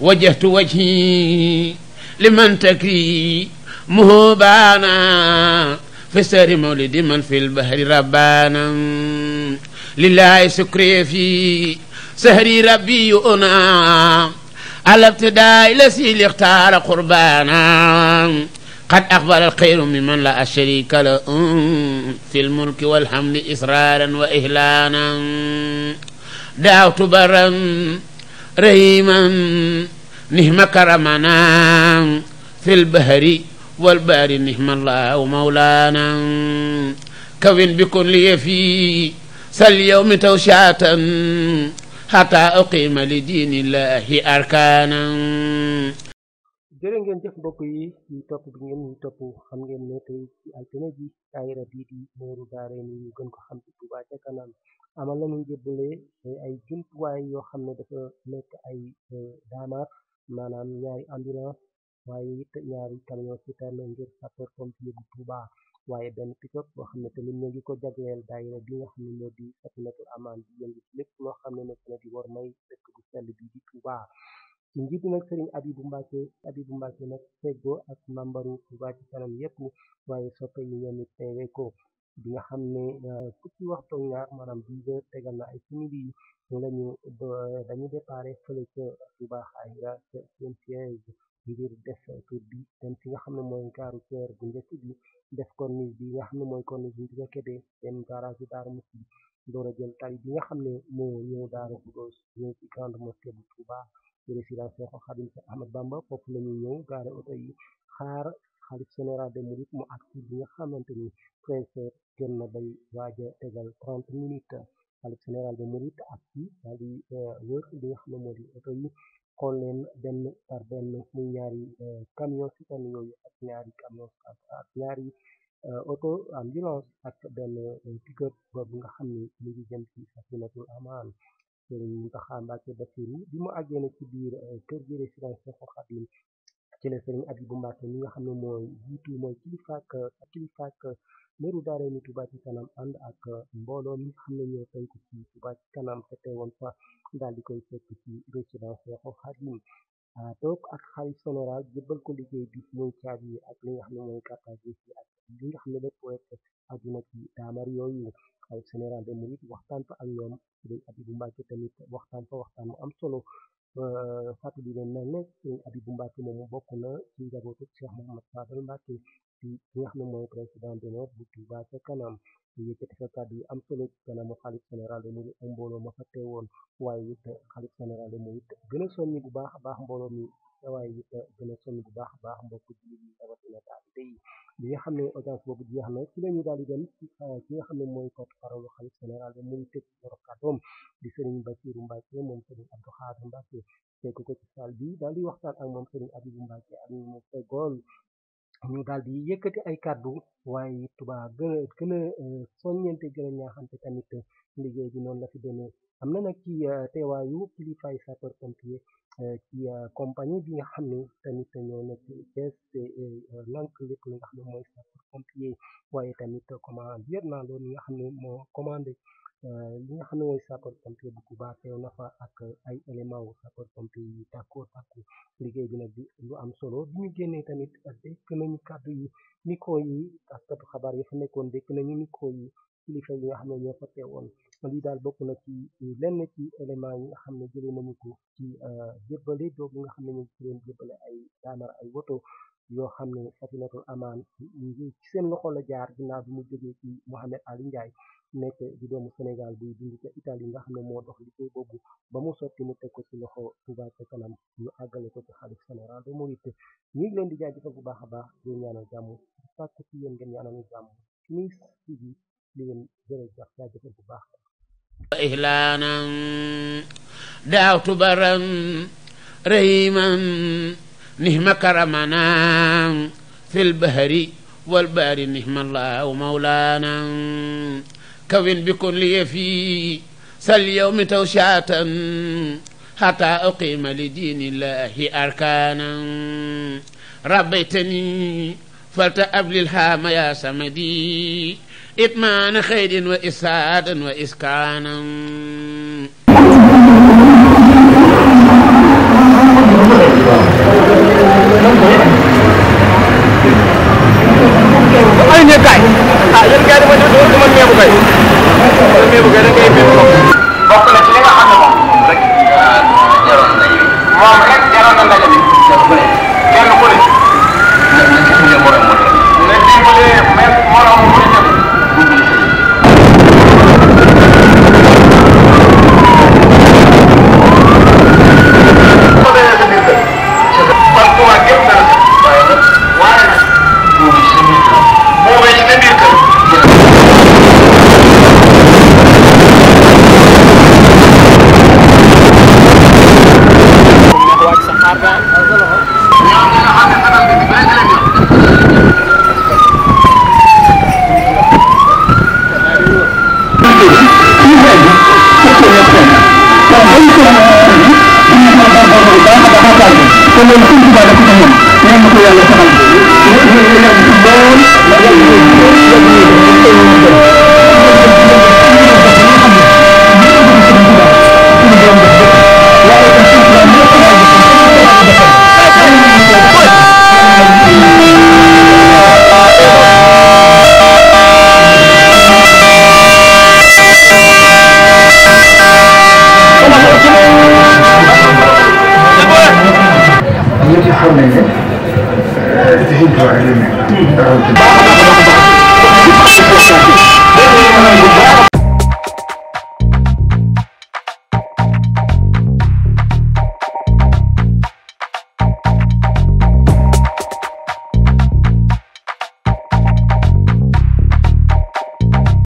وجهت وجهي لمن تكري مهوبانا في سر مولد من في البحر ربانا لله سكري في سهري ربي أنا على ابتداء لسي اختار قربانا قد أخبر الخير ممن لا شريك له في الملك والحمد إصرارا وإهلانا دعوت برا رهيما نهم كرمنا في البهر والبار نهم الله مولانا كون بكن لي في ساليوم توشاة حتى أقيم لدين الله أركانا jërë jëf mbokk yi ci topp bi ngeen ñuy topp xam ngeen ne tey ci altine ji daayira bii di gën ko xam ci Touba ca kanam amal nañu jébbale ay jumtuwaay yoo xam ne dafa nekk ay euh, daamar maanaam ñaari ambulance waaye it ñaari camion citerne ngir sapeur pompier bu Touba waaye benn pick-up boo xam ne tamit ñu ngi ko jagleel daayira bi nga xam ne moo di Safinatul Amaan di yëngu ci lépp loo xam ne nekk na di war may di Touba ci njiitu nag sëriñ Abibu Mbàkke Abibu Mbàkke nag feggoo ak membaru Touba ci kanam yépp waaye soppe yi ñoom it teewe bi nga xam ne euh, fukki waxtu ak ñaar maanaam dix heures tegal ay simili yi lañu dañu déparé fële ca Touba Xayra ca seen siège ngir def tour fi nga xam ne mooy gaaru ceer bu njëkk bi def corniche bi nga xam ne mooy corniche bi nga kebe dem garage bi Daaru Musti door tali bi nga xam ne moo ñëw Daaru Xudoos ñëw ci grande mosquée bu Touba résidence Cheikhoul Khadim ci Ahmad Bamba foofu la ñuy ñëw gaare oto yi xaar xalif général des mourides mu agsi bi nga xamante ni treize heures jot na bay waaja tegal trente minutes xalif général des mourides agsi daal di euh, wër li nga xam ne moo di benn par benn muy ñaari euh, camion si tan yooyu ak ñaari camion ak ñaari auto euh, ambulance ak benn pick-up nga xam ne mu ngi jëm ci Amaan Serigne Mountakha Mbacké Bassirou bi mu àggee na ci biir euh, kër gi résidence Cheikhoul Khadim ci la Serigne Abibou Mbacké mi nga xam ne mooy jiitu mooy kilifaak kilifaak meru daara ni Touba ci kanam ànd ak mbooloo mi nga xam ne ñoo tënk ci Touba ci te teewoon fa daal di koy fekk ci résidence Cheikhoul Khadim Ah, toog ak xalifa général jébbal ko liggéey bi ñuy caabi yi ak li nga xam ne mooy kàrtage yi ak li nga xam ne lépp yooyu xalifa général de Mouride waxtaan fa ak ñoom Sëriñ Abibu Mbàkke tamit waxtaan fa waxtaan mu am solo euh, fàttali leen nag ne Sëriñ Abibu Mbàkke moomu bokk na ci njabootu Cheikh Mouhamad Fadal Mbàkke di nga xam ne mooy président d'honneur bu Touba ca kanam di yëkkati fa kàddu yu am solo ci kanamu xalif général de Mouride ak mbooloo ma fa teewoon waaye it xalif général de Mouride gën a soññi bu baax a baax mbooloo mi waaye it gën a soññi bu baax a baax mbokku jullit li nga xam ne audience boobu jeex na ci la di dem ci euh, ki nga xam ne mooy porte parole xalif général de Mouride tëj di sëriñ Bassirou Mbacke moom sëriñ Abdou Khadre Mbacke fekk ko ci salle bi daal di ak moom sëriñ Abibou Mbacke mu feggool ñu daal di yëkkati ay kàddu waaye it Touba gën a gën a euh, soññante gën tamit liggéey bi noonu la fi demee am na nag ci euh, teewaayu kilifaay sapeur pompier euh, ci compagnie bi nga xam ne tamit ñoo nekk Thiès lank lépp li nga xam ne mooy sapeur pompier waaye tamit commandant lieutenant loolu nga xam ne moo commandé Euh, li nga xam ne mooy sapeur pompier bu Touba teew na fa ak ay éléments yi tàkkoo tàkku liggéey bi nag di lu am solo bi ñu tamit dégg nañu kàddu yi micro yi taskatu xabaar yi fa nekkoon dégg nañu micro yi kilifa yi xam ne ñoo fa teewoon lii daal bokk na ci lenn ci éléments yi nga xam ne jëlee nañu ko ci euh, jébbale doogu nga xam ne ñu ci doon jébbale ay daamar ay woto yoo xam ne Safinatul Amaan ci seen loxo la jaar ginnaaw bi mu jógee ci Mouhamed Ali Ndiaye nek di doomu senegal buy dund ca Italie nga xam ne moo dox liggéey boobu ba mu sotti mu teg ko ci loxo Touba ca kanam ñu àggale ko ci xalif général de Mouride ñu ngi leen di jaajëfal bu baax a baax di ñaanal jàmm sàkk ci yéen ngeen ñaanal ñu jàmm nii si bi li ngeen jërëjëf jaajëfal bu baax إهلانا دعوت برا ريما نهم كرمنا في البهر والبار نهم الله مولانا كوين بكون لي في ساليوم توشاتا حتى أقيم لدين الله أركانا ربيتني فلتأب الهام يا سمدي إطمان خير وإسعاد وإسكانا أين يا قاعد؟ أين قاعد؟ वगैरह के Kalau itu tidak ada kita yang yang mesti yang kita yang yang yang xam nañ ne ci suñ tubaab yi lay nekk.